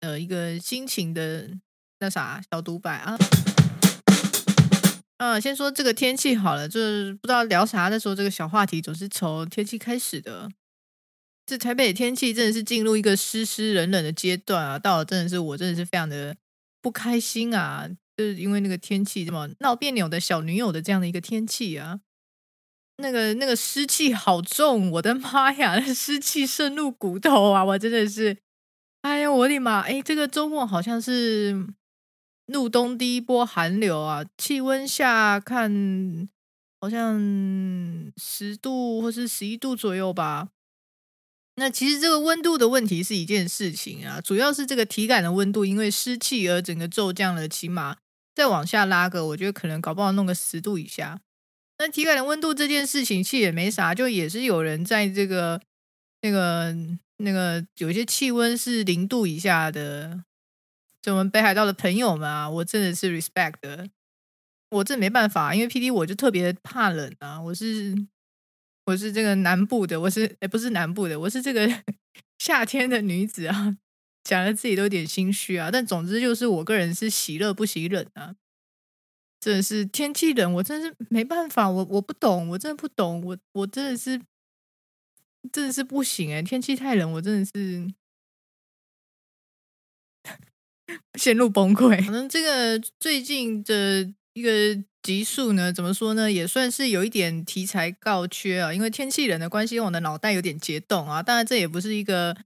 呃，一個心情的那啥小獨白啊，嗯、啊，先說這個天氣好了，就是不知道聊啥的時候，這個小話題總是從天氣開始的。這台北的天氣真的是進入一個濕濕冷冷的階段啊，到了真的是我真的是非常的不開心啊，就是因為那個天氣這麼鬧彆扭的小女友的這樣的一個天氣啊，那個那個濕氣好重，我的媽呀，濕氣滲入骨頭啊，我真的是。哎呀，我的媽！哎，這個周末好像是入冬第一波寒流啊，氣溫下看好像十度或是十一度左右吧。那其實這個溫度的問題是一件事情啊，主要是這個體感的溫度因為濕氣而整個驟降了，起碼再往下拉個，我覺得可能搞不好弄個十度以下。那體感的溫度這件事情其實也沒啥，就也是有人在這個那個。那個有些氣溫是零度以下的，就我們北海道的朋友們啊，我真的是 respect 的，我這沒辦法，因為 PD 我就特別怕冷啊，我是我是這個南部的，我是哎不是南部的，我是這個 夏天的女子啊，講的自己都有點心虛啊。但總之就是我個人是喜熱不喜冷啊，真的是天氣冷，我真是沒辦法，我我不懂，我真的不懂，我我真的是。真的是不行哎、欸，天氣太冷，我真的是 陷入崩潰。可能這個最近的一個集數呢，怎麼說呢，也算是有一點題材告缺啊，因為天氣冷的關係，我的腦袋有點結凍啊。當然，這也不是一個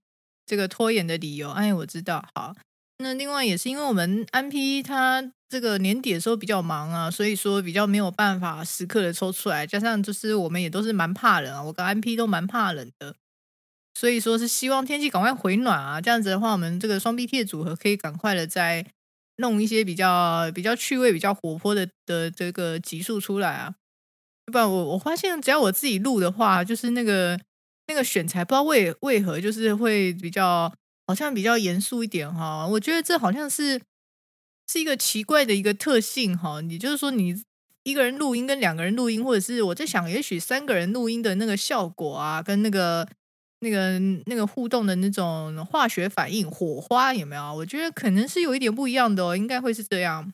這個拖延的理由。哎，我知道，好。那另外也是因為我們安 P 他這個年底的時候比較忙啊，所以說比較沒有辦法時刻的抽出來，加上就是我們也都是蠻怕冷啊，我跟安 P 都蠻怕冷的，所以說是希望天氣趕快回暖啊，這樣子的話，我們這個雙臂 T 的組合可以趕快的再弄一些比較比較趣味、比較活潑的的、的這個集數出來啊。不然我我發現只要我自己錄的話，就是那個那個選材不知道為為何就是會比較，好像比較嚴肅一點哈，我覺得這好像是是一個奇怪的一個特性哈。也就是說，你一個人錄音跟兩個人錄音，或者是我在想，也許三個人錄音的那個效果啊，跟那個、那個、那個互動的那種化學反應、火花有沒有？我覺得可能是有一點不一樣的哦，應該會是這樣。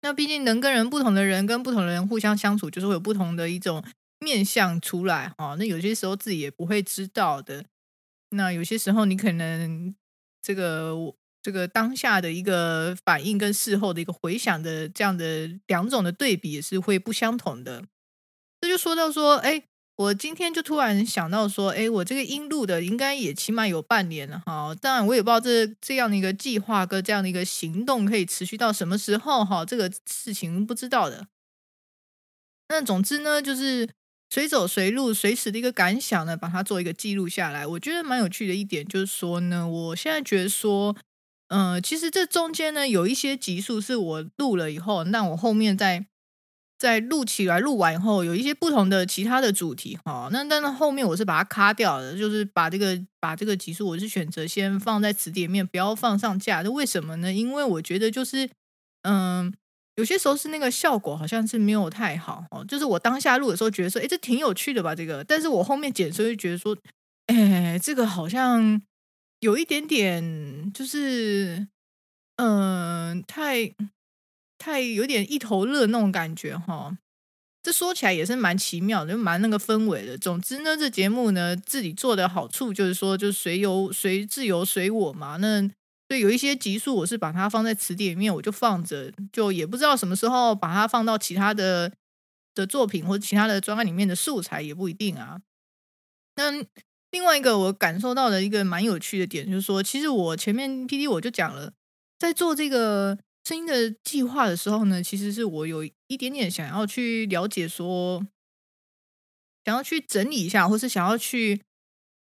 那畢竟能跟人不同的人，跟不同的人互相相處，就是會有不同的一種面相出來哈，那有些時候自己也不會知道的。那有些時候，你可能這個這個當下的一個反應跟事後的一個回想的這樣的兩種的對比，也是會不相同的。這就說到說，哎，我今天就突然想到說，哎，我這個音錄的應該也起碼有半年了哈。當然，但我也不知道這這樣的一個計劃跟這樣的一個行動可以持續到什麼時候哈。這個事情不知道的。那總之呢，就是。隨走隨錄隨時的一個感想呢，把它做一個記錄下來。我覺得蠻有趣的一點就是說呢，我現在覺得說，嗯、呃，其實這中間呢有一些集數是我錄了以後，那我後面再再錄起來，錄完以後有一些不同的其他的主題哈、哦。那但是後面我是把它卡掉的，就是把這個把這個集數，我是選擇先放在磁碟面，不要放上架。那為什麼呢？因為我覺得就是，嗯、呃。有些時候是那個效果好像是沒有太好，就是我當下錄的時候覺得說，誒這挺有趣的吧，這個，但是我後面剪出來就覺得說，誒這個好像有一點點，就是，嗯、呃，太太有點一頭熱那種感覺哈、哦。這說起來也是蠻奇妙的，就蠻那個氛圍的。總之呢，這節目呢自己做的好處就是說，就隨由隨自由隨我嘛。那對，有一些集數我是把它放在詞典裡面，我就放着，就也不知道什麼時候把它放到其他的的作品或者其他的專案裡面的素材也不一定啊。那另外一個我感受到的一個蠻有趣的點就是說，其實我前面 PD 我就講了，在做這個聲音的計劃的時候呢，其實是我有一點點想要去了解，說想要去整理一下，或是想要去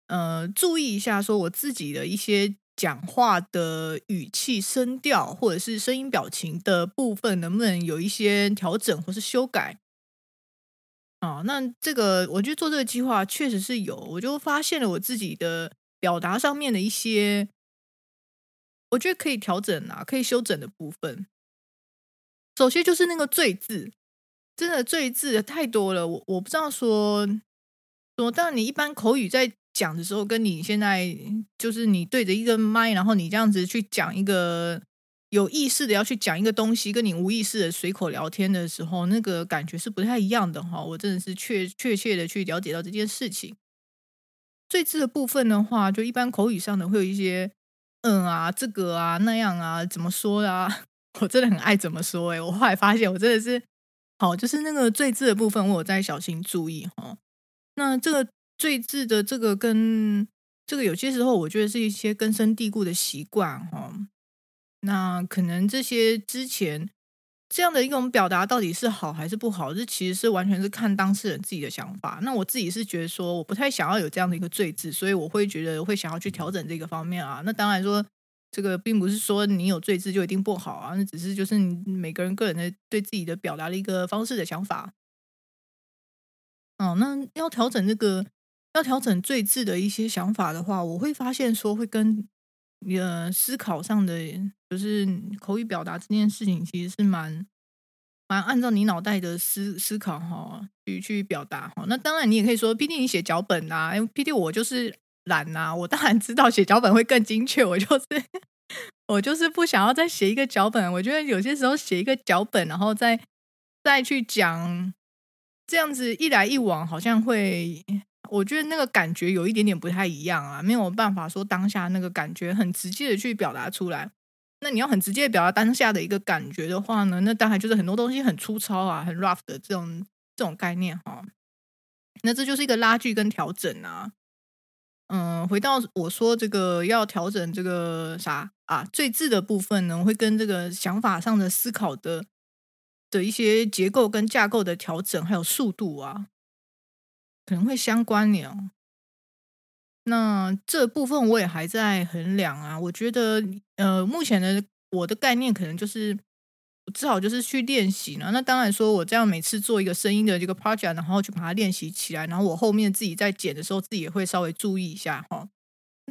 呃注意一下，說我自己的一些。講話的語氣、聲調，或者是聲音表情的部分，能不能有一些調整或是修改？啊，那這個我覺得做這個計劃確實是有，我就發現了我自己的表達上面的一些，我覺得可以調整啊，可以修整的部分。首先就是那個“最”字，真的“最”字太多了，我我不知道說，我當你一般口語在。講的時候，跟你現在就是你對着一個麥，然後你這樣子去講一個有意識的要去講一個東西，跟你無意識的隨口聊天的時候，那個感覺是不太一樣的哈。我真的是確確切的去了解到這件事情。贅字的部分的話，就一般口語上的會有一些嗯啊，這個啊，那樣啊，怎麼說啊？我真的很愛怎麼說誒、欸，我後來發現，我真的是好，就是那個贅字的部分，我有在小心注意哈。那這個。最字的這個跟這個有些時候，我覺得是一些根深蒂固的習慣哈、哦。那可能這些之前這樣的一種表達，到底是好還是不好，這其實是完全是看當事人自己的想法。那我自己是覺得說，我不太想要有這樣的一個最字，所以我會覺得我會想要去調整這個方面啊。那當然說，這個並不是說你有最字就一定不好啊，那只是就是你每個人個人的對自己的表達的一個方式的想法。哦，那要調整這個。要調整最字的一些想法的話，我會發現說，會跟呃思考上的就是口語表達這件事情，其實是蠻蠻按照你腦袋的思思考齁去，去表達齁。那當然你也可以說畢竟你寫腳本啊，欸、畢竟我就是懶吶、啊。我當然知道寫腳本會更精確，我就是我就是不想要再寫一個腳本。我覺得有些時候寫一個腳本，然後再再去講這樣子一來一往，好像會。我覺得那個感覺有一點點不太一樣啊，沒有辦法說當下那個感覺很直接的去表達出來。那你要很直接表達當下的一個感覺的話呢，那當然就是很多東西很粗糙啊，很 rough 的這種這種概念哈。那這就是一個拉鋸跟調整啊。嗯，回到我說這個要調整這個啥啊，最字的部分呢，會跟這個想法上的思考的的一些結構跟架構的調整，還有速度啊。可能會相關的哦。那這部分我也還在衡量啊。我覺得，呃，目前的我的概念可能就是，我只好就是去練習了。那當然，說我這樣每次做一個聲音的這個 project，然後去把它練習起來，然後我後面自己在剪的時候，自己也會稍微注意一下哈、哦。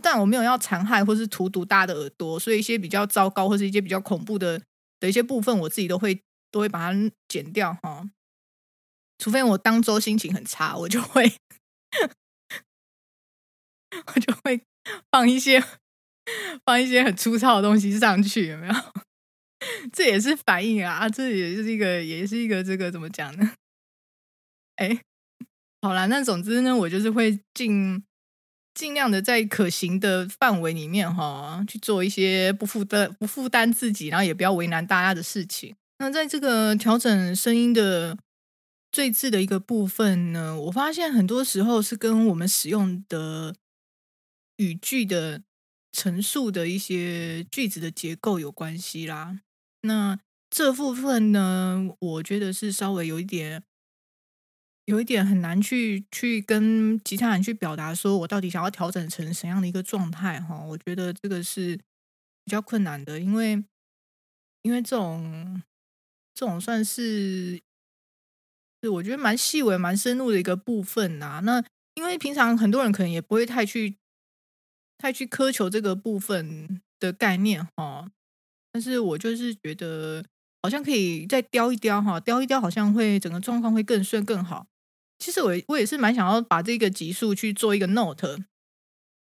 但我沒有要殘害或是荼毒大的耳朵，所以一些比較糟糕或是一些比較恐怖的的一些部分，我自己都會都會把它剪掉哈、哦。除非我當周心情很差，我就會我就會放一些放一些很粗糙的東西上去，有沒有？這也是反應啊，這也是一個，也是一個這個怎麼講呢？哎，好啦，那總之呢，我就是會盡盡量的在可行的範圍裡面哈、哦，去做一些不負擔、不負擔自己，然後也不要為難大家的事情。那在這個調整聲音的。最字的一個部分呢，我發現很多時候是跟我們使用的語句的陳述的一些句子的結構有關係啦。那這部分呢，我覺得是稍微有一點，有一點很難去去跟其他人去表達，說我到底想要調整成什麼樣的一個狀態哈？我覺得這個是比較困難的，因為因為這種這種算是。是，我覺得蠻細微、蠻深入的一個部分吶、啊。那因為平常很多人可能也不會太去、太去苛求這個部分的概念哈、哦。但是我就是覺得好像可以再雕一雕哈、哦，雕一雕好像會整個狀況會更順、更好。其實我我也是蠻想要把這個集數去做一個 note。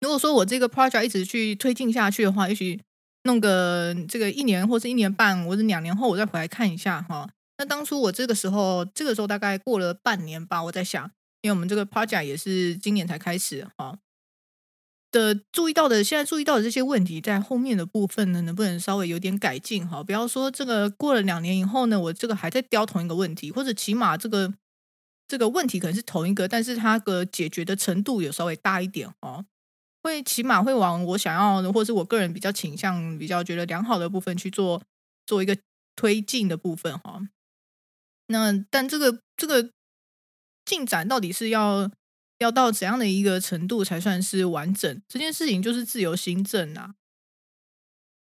如果說我這個 project 一直去推進下去的話，也許弄個這個一年或是一年半或者兩年後，我再回來看一下哈、哦。那當初我這個時候，這個時候大概過了半年吧，我在想，因為我們這個 project 也是今年才開始哈的，注意到的現在注意到的這些問題，在後面的部分呢，能不能稍微有點改進哈？不要說這個過了兩年以後呢，我這個還在雕同一個問題，或者起碼這個這個問題可能是同一個，但是它的解決的程度有稍微大一點哈，會起碼會往我想要的，或是我個人比較傾向、比較覺得良好的部分去做做一個推進的部分哈。那但這個這個進展到底是要要到怎樣的一個程度才算是完整？這件事情就是自由行政啊，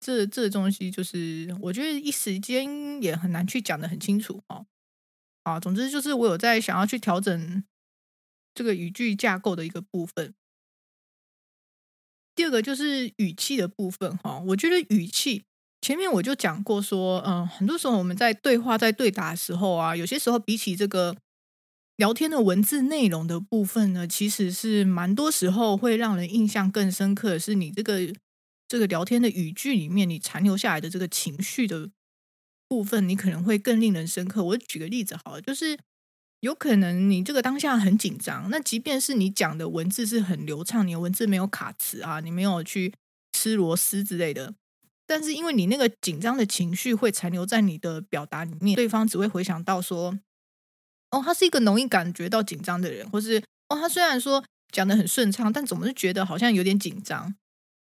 這這東西就是我覺得一時間也很難去講的很清楚哈、哦。啊，總之就是我有在想要去調整這個語句架構的一個部分。第二個就是語氣的部分哈、哦，我覺得語氣。前面我就講過說，嗯，很多時候我們在對話在對打的時候啊，有些時候比起這個聊天的文字內容的部分呢，其實是蠻多時候會讓人印象更深刻的是你這個這個聊天的語句裡面，你殘留下來的這個情緒的部分，你可能會更令人深刻。我舉個例子好了，就是有可能你這個當下很緊張，那即便是你講的文字是很流暢，你的文字沒有卡詞啊，你沒有去吃螺絲之類的。但是，因為你那個緊張的情緒會殘留在你的表達裡面，對方只會回想到說：“哦，他是一個容易感覺到緊張的人，或是哦，他雖然說講得很順暢，但總是覺得好像有點緊張。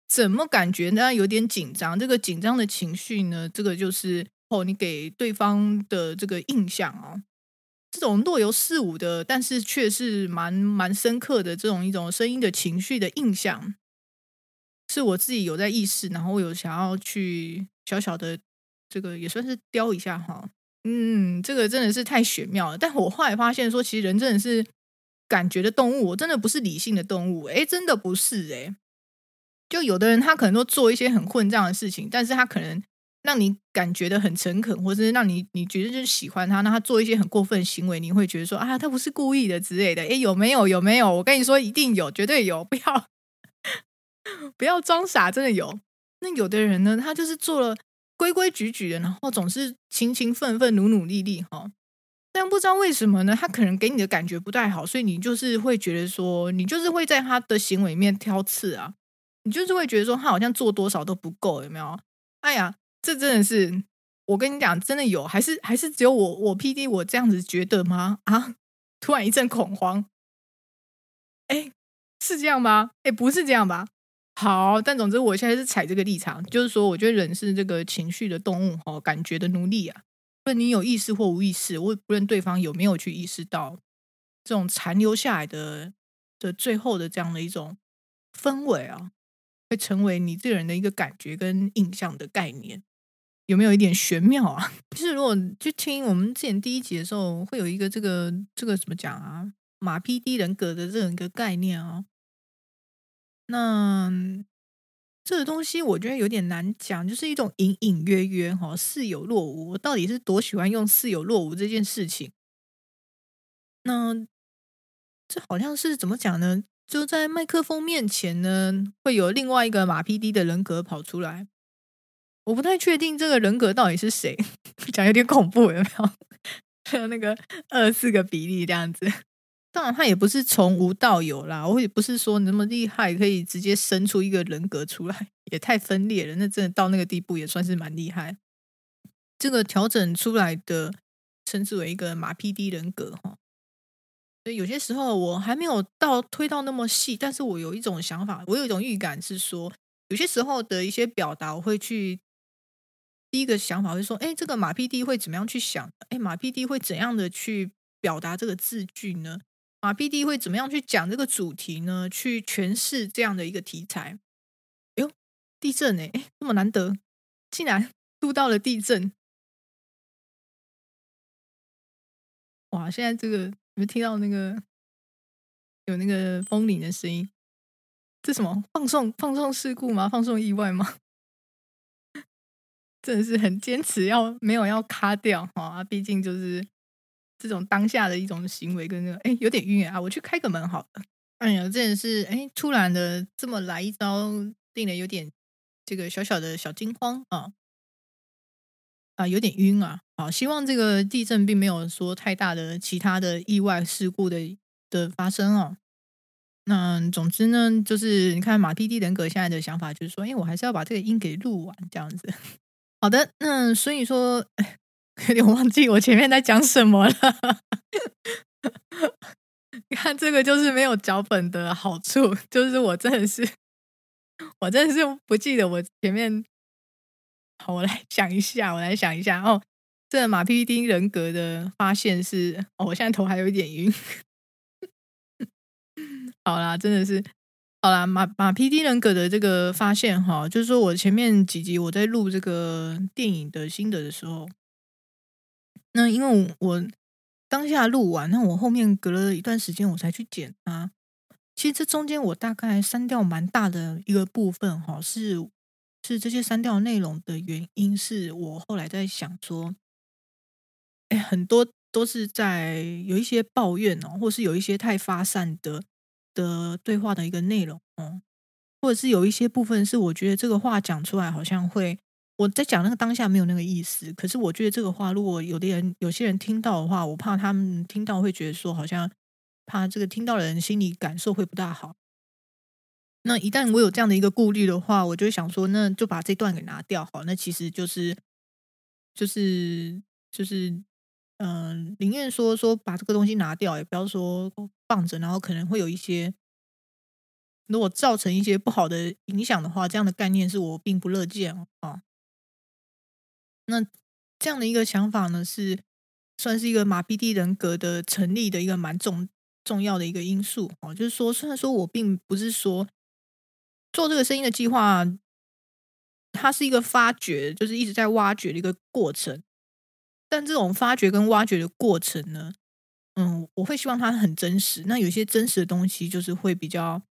怎麼感覺呢？有點緊張。這個緊張的情緒呢，這個就是哦，你給對方的這個印象哦，這種若有似無的，但是卻是蠻蠻深刻的這種一種聲音的情緒的印象。”是我自己有在意識，然後我有想要去小小的這個也算是雕一下哈。嗯，這個真的是太玄妙了。但我後來發現說，其實人真的是感覺的動物，我真的不是理性的動物。欸，真的不是欸。就有的人他可能都做一些很混賬的事情，但是他可能讓你感覺得很誠懇，或者讓你你覺得就是喜歡他，那他做一些很過分的行為，你會覺得說啊，他不是故意的之類的。欸，有沒有？有沒有？我跟你說，一定有，絕對有。不要。 不要裝傻，真的有。那有的人呢，他就是做了規規矩矩的，然後總是勤勤奮奮、努努力力，哈、哦。但不知道為什麼呢，他可能給你的感覺不太好，所以你就是會覺得說，你就是會在他的行為裡面挑刺啊，你就是會覺得說，他好像做多少都不夠，有沒有？哎呀，這真的是，我跟你講，真的有，還是還是只有我我 PD 我這樣子覺得嗎？啊，突然一陣恐慌，哎，是這樣嗎？哎，不是這樣吧？好，但總之我現在是踩這個立場，就是說，我覺得人是這個情緒的動物、哦，感覺的奴隸啊。不論你有意識或無意識，我也不論對方有沒有去意識到這種殘留下來的的最後的這樣的一種氛圍啊、哦，會成為你這人的一個感覺跟印象的概念，有沒有一點玄妙啊？ 就是如果去聽我們之前第一集的時候，會有一個這個這個怎麼講啊？馬 P D 人格的這樣一個概念哦。那這個東西我覺得有點難講，就是一種隱隱約約哈，似、哦、有若無。我到底是多喜歡用似有若無這件事情？那這好像是怎麼講呢？就在麥克風面前呢，會有另外一個馬屁 D 的人格跑出來。我不太確定這個人格到底是誰， 講有點恐怖有沒有？還 有那個二四個比例這樣子。當然，他也不是從無到有啦。我也不是說你那麼厲害，可以直接生出一個人格出來，也太分裂了。那真的到那個地步，也算是蠻厲害。這個調整出來的，稱之為一個馬 PD 人格哈。所以有些時候我還沒有到推到那麼細，但是我有一種想法，我有一種預感是說，有些時候的一些表達，我會去第一個想法是說，哎，這個馬 PD 會怎麼樣去想？哎，馬 PD 會怎樣的去表達這個字句呢？馬、啊、B D 會怎麼樣去講這個主題呢？去詮釋這樣的一個題材？哎呦，地震哎、欸，這麼難得，竟然錄到了地震！哇，現在這個你們聽到那個有那個風鈴的聲音，這什麼放送放送事故嗎？放送意外嗎？真的是很堅持要，要沒有要卡掉哈，畢、啊、竟就是。這種當下的一種行為跟那個，哎，有點暈啊！我去開個門，好了。哎呀，這也是，哎，突然的這麼來一招，令人有點這個小小的、小驚慌啊、哦！啊，有點暈啊！好，希望這個地震並沒有說太大的其他的意外事故的的發生哦。那總之呢，就是你看馬 Ｐ 的人格現在的想法就是說，哎，我還是要把這個音給錄完，這樣子。好的，那所以說。有 點忘記我前面在講什麼了。 你看，這個就是沒有腳本的好處，就是我真的是，我真的是不記得我前面。好，我來想一下，我來想一下。哦，這馬 PD 人格的發現是……哦，我現在頭還有一點暈。 好啦，真的是好啦。馬馬 PD 人格的這個發現，哈，就是說我前面幾集我在錄這個電影的心得的時候。那因為我當下錄完，那我後面隔了一段時間我才去剪啊。其實這中間我大概刪掉蠻大的一個部分哈，是是這些刪掉內容的原因，是我後來在想說，哎、欸，很多都是在有一些抱怨哦，或是有一些太發散的的對話的一個內容，哦，或者是有一些部分是我覺得這個話講出來好像會。我在講那個當下沒有那個意思，可是我覺得這個話，如果有的人有些人聽到的話，我怕他們聽到會覺得說好像怕這個聽到的人心裡感受會不大好。那一旦我有這樣的一個顧慮的話，我就想說，那就把這段給拿掉，好。那其實就是就是就是，嗯、就是，呃、寧願說說把這個東西拿掉，也不要說放着，然後可能會有一些如果造成一些不好的影響的話，這樣的概念是我並不樂見啊。哦那這樣的一個想法呢，是算是一個馬屁蒂人格的成立的一個蠻重重要的一個因素哦。就是說，雖然說我並不是說做這個聲音的計劃，它是一個發掘，就是一直在挖掘的一個過程。但這種發掘跟挖掘的過程呢，嗯，我會希望它很真實。那有些真實的東西，就是會比較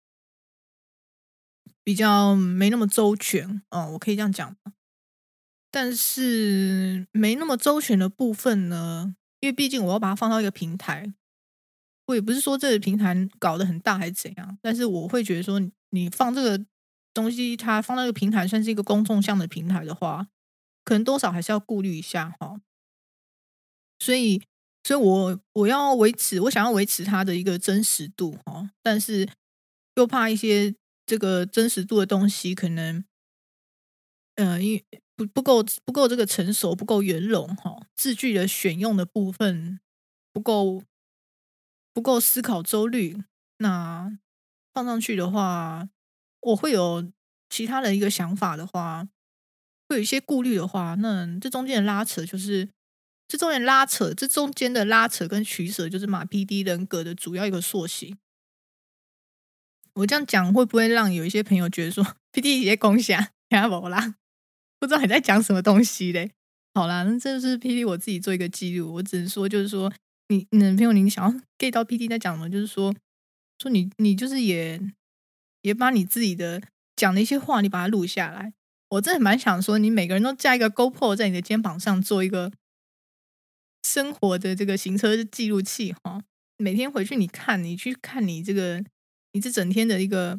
比較沒那麼周全，嗯、哦，我可以這樣講嗎？但是沒那麼周全的部分呢，因為畢竟我要把它放到一個平台，我也不是說這個平台搞得很大還是怎樣，但是我會覺得說你，你放這個東西，它放到一個平台，算是一個公眾向的平台的話，可能多少還是要顧慮一下哈、哦。所以，所以我我要維持，我想要維持它的一個真實度哦。但是又怕一些這個真實度的東西，可能，嗯、呃、因為。不不夠不夠這個成熟不夠圓融哈、哦，字句的選用的部分不夠不夠思考周慮，那放上去的話，我會有其他的一個想法的話，會有一些顧慮的話，那這中間的拉扯就是這中間的拉扯這中間的拉扯跟取舍，就是馬 PD 人格的主要一個塑形。我這樣講會不會讓有一些朋友覺得說，PD 也恭喜啊，也我啦？不知道你在講什麼東西嘞？好啦，那這就是 PD 我自己做一個記錄。我只能說，就是說，你、你的朋友，你想要 get 到 PD 在講什麼？就是說，說你、你就是也也把你自己的講的一些話，你把它錄下來。我真的蠻想說，你每個人都加一個 GoPro 在你的肩膀上，做一個生活的這個行車記錄器哈、哦。每天回去你看，你去看你這個你這整天的一個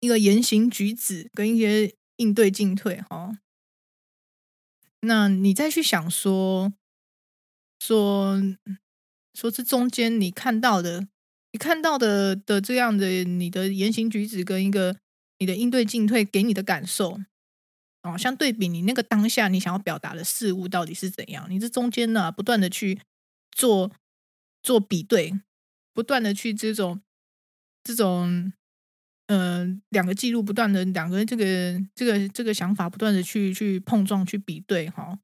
一個言行舉止跟一些。應對進退哈、哦，那你再去想說說說，這中間你看到的，你看到的的這樣的你的言行舉止跟一個你的應對進退給你的感受，哦，相對比你那個當下你想要表達的事物到底是怎樣，你這中間呢、啊、不斷的去做做比對，不斷的去這種這種。嗯、呃，兩個記錄不斷的，兩個這個這個這個想法不斷的去去碰撞、去比對哈、哦，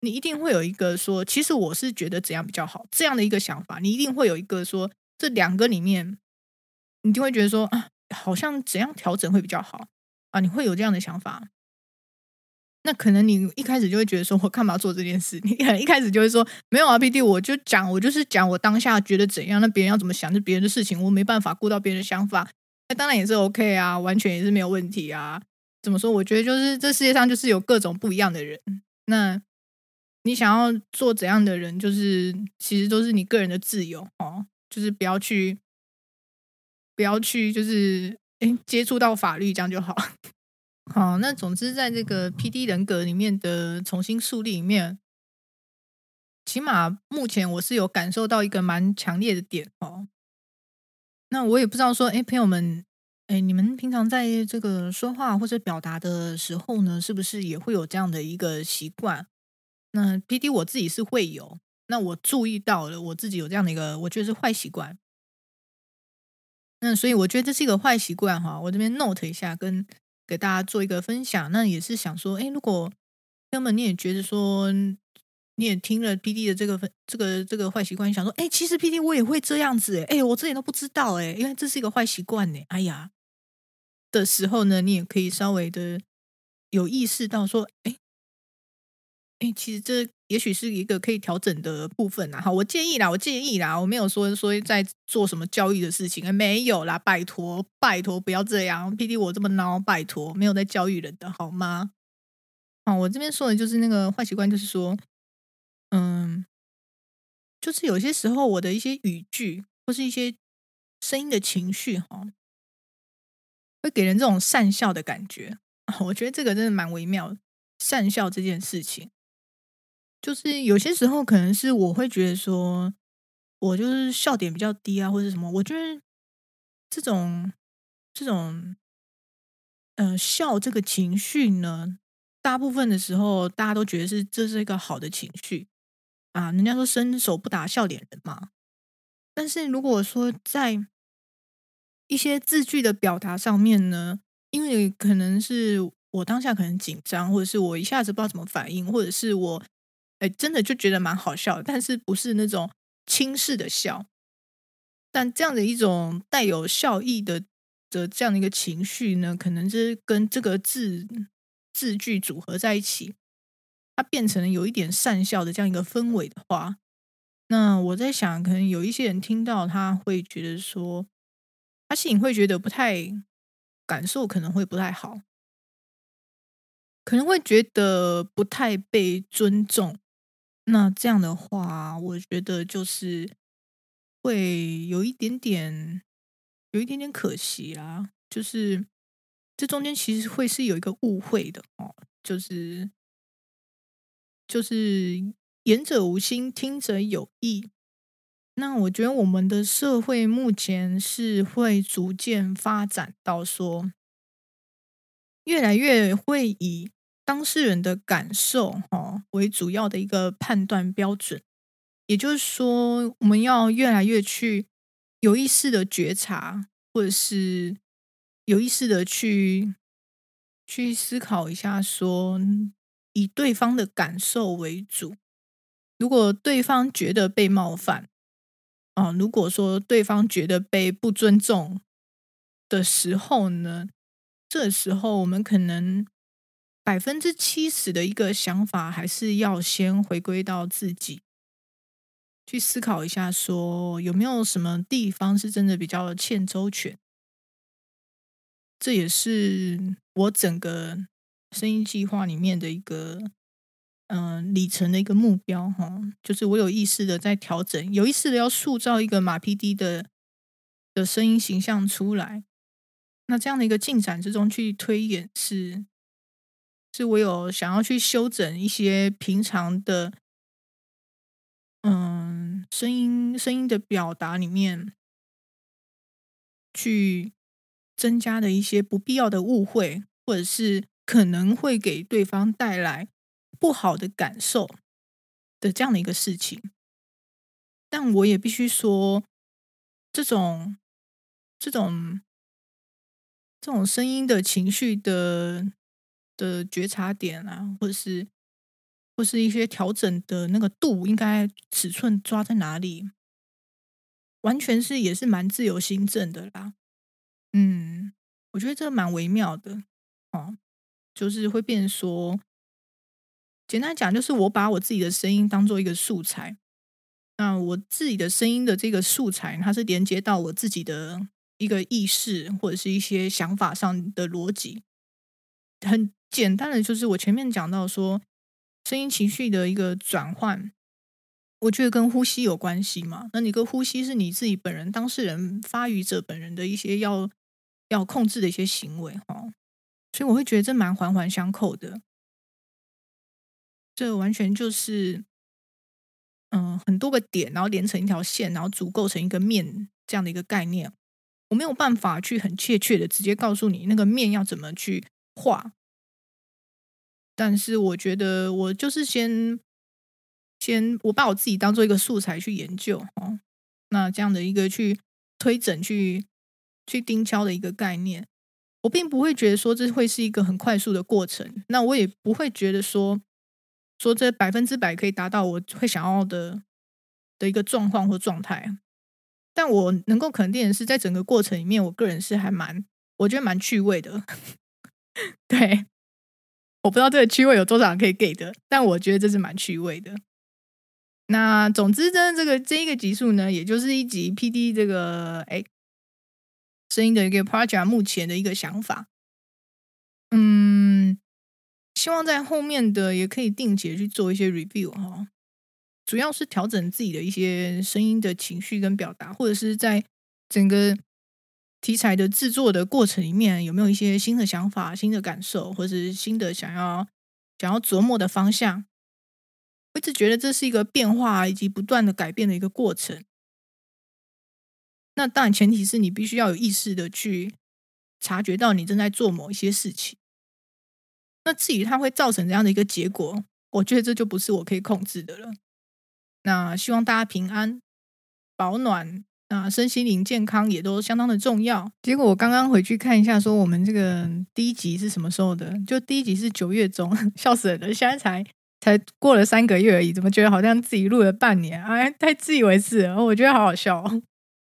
你一定會有一個說，其實我是覺得怎樣比較好這樣的一個想法，你一定會有一個說，這兩個裡面，你就會覺得說啊，好像怎樣調整會比較好啊，你會有這樣的想法。那可能你一開始就會覺得說，我幹嘛做這件事。你可能一開始就會說，沒有啊，P D，我就講，我就是講我當下覺得怎樣。那別人要怎麼想着別人的事情，我沒辦法顧到別人的想法。那當然也是 OK 啊，完全也是沒有問題啊。怎麼說？我覺得就是這世界上就是有各種不一樣的人。那你想要做怎樣的人，就是其實都是你個人的自由哦。就是不要去，不要去，就是哎，接觸到法律這樣就好。好，那總之，在這個 PD 人格裡面的重新樹立裡面，起碼目前我是有感受到一個蠻強烈的點哦。那我也不知道說，哎、欸，朋友們，哎、欸，你們平常在這個說話或者表達的時候呢，是不是也會有這樣的一個習慣？那 PD 我自己是會有，那我注意到了，我自己有這樣的一個，我覺得是壞習慣。那所以我覺得這是一個壞習慣哈，我這邊 note 一下跟。給大家做一個分享，那也是想說，哎，如果那麼你也覺得說，你也聽了 PD 的這個分這個這個壞習慣，想說，哎，其實 PD 我也會這樣子，哎，我這點都不知道，哎，因為這是一個壞習慣，哎，哎呀，的時候呢，你也可以稍微的有意識到說，哎。哎、欸，其實這也許是一個可以調整的部分啦，啊，哈，我建議啦，我建議啦，我沒有說說在做什麼教育的事情啊，沒有啦。拜托，拜托，不要這樣，ＰＤ，我這麼孬，拜托，沒有在教育人的，好嗎？啊，我這邊說的就是那個壞習慣，就是說，嗯，就是有些時候我的一些語句或是一些聲音的情緒哈，會給人這種善笑的感覺。我覺得這個真的蠻微妙的，善笑這件事情。就是有些時候，可能是我會覺得說，我就是笑點比較低啊，或者什麼。我覺得這種這種，嗯、呃，笑這個情緒呢，大部分的時候大家都覺得是這是一個好的情緒啊。人家說伸手不打笑臉人嘛。但是如果說在一些字句的表達上面呢，因為可能是我當下可能緊張，或者是我一下子不知道怎麼反應，或者是我。哎，真的就覺得蠻好笑的，但是不是那種輕視的笑，但這樣的一種帶有笑意的的這樣的一個情緒呢，可能就是跟這個字字句組合在一起，它變成有一點訕笑的這樣一個氛圍的話，那我在想，可能有一些人聽到他會覺得說，他心裡會覺得不太感受，可能會不太好，可能會覺得不太被尊重。那這樣的話，我覺得就是會有一點點，有一點點可惜啊。就是這中間其實會是有一個誤會的哦。就是就是言者無心，聽者有意。那我覺得我們的社會目前是會逐漸發展到說，越來越會以當事人的感受，哈，為主要的一個判斷標準。也就是說，我們要越來越去有意識的覺察，或者是有意識的去去思考一下，說以對方的感受為主。如果對方覺得被冒犯，啊，如果說對方覺得被不尊重的時候呢，這時候我們可能。百分之七十的一個想法，還是要先回歸到自己去思考一下說，說有沒有什麼地方是真的比較欠周全。這也是我整個聲音計劃裡面的一個嗯、呃、里程的一個目標哈，就是我有意識的在調整，有意識的要塑造一個馬 PD 的的聲音形象出來。那這樣的一個進展之中去推演是。是我有想要去修整一些平常的，嗯，聲音聲音的表達裡面，去增加的一些不必要的誤會，或者是可能會給對方帶來不好的感受的這樣的一個事情。但我也必須說，這種這種這種聲音的情緒的。的覺察點啊，或者是或者是一些調整的那個度，應該尺寸抓在哪裡，完全是也是蠻自由心證的啦。嗯，我覺得這蠻微妙的哦，就是會變說，簡單講就是我把我自己的聲音當做一個素材，那我自己的聲音的這個素材，它是連接到我自己的一個意識或者是一些想法上的邏輯，很。簡單的就是我前面講到說，聲音情緒的一個轉換，我覺得跟呼吸有關係嘛。那你跟呼吸是你自己本人、當事人、發語者本人的一些要要控制的一些行為哈、哦。所以我會覺得這蠻環環相扣的。這完全就是，嗯、呃，很多個點，然後連成一條線，然後組構成一個面這樣的一個概念。我沒有辦法去很切確切的直接告訴你那個面要怎麼去畫。但是我覺得，我就是先先我把我自己當做一個素材去研究哦，那這樣的一個去推整、去去盯敲的一個概念，我並不會覺得說這會是一個很快速的過程，那我也不會覺得說說這百分之百可以達到我會想要的的一個狀況或狀態。但我能夠肯定的是，在整個過程裡面，我個人是還蠻我覺得蠻趣味的，對。我不知道這個趣味有多少人可以 get 的，但我覺得這是蠻趣味的。那總之，真的這個這一個集、這個、數呢，也就是一集 PD 這個哎聲音的一個 project，目前的一個想法。嗯，希望在後面的也可以定期去做一些 review 哈、哦，主要是調整自己的一些聲音的情緒跟表達，或者是在整個。題材的製作的過程裡面有沒有一些新的想法、新的感受，或者是新的想要想要琢磨的方向？我一直覺得這是一個變化以及不斷的改變的一個過程。那當然，前提是你必須要有意識的去察覺到你正在做某一些事情。那至於它會造成這樣的一個結果，我覺得這就不是我可以控制的了。那希望大家平安，保暖。啊，身心靈健康也都相當的重要。結果我剛剛回去看一下，說我們這個第一集是什麼時候的？就第一集是九月中，笑死人了！現在才才過了三個月而已，怎麼覺得好像自己錄了半年？哎、啊，太自以為是了，我覺得好好笑。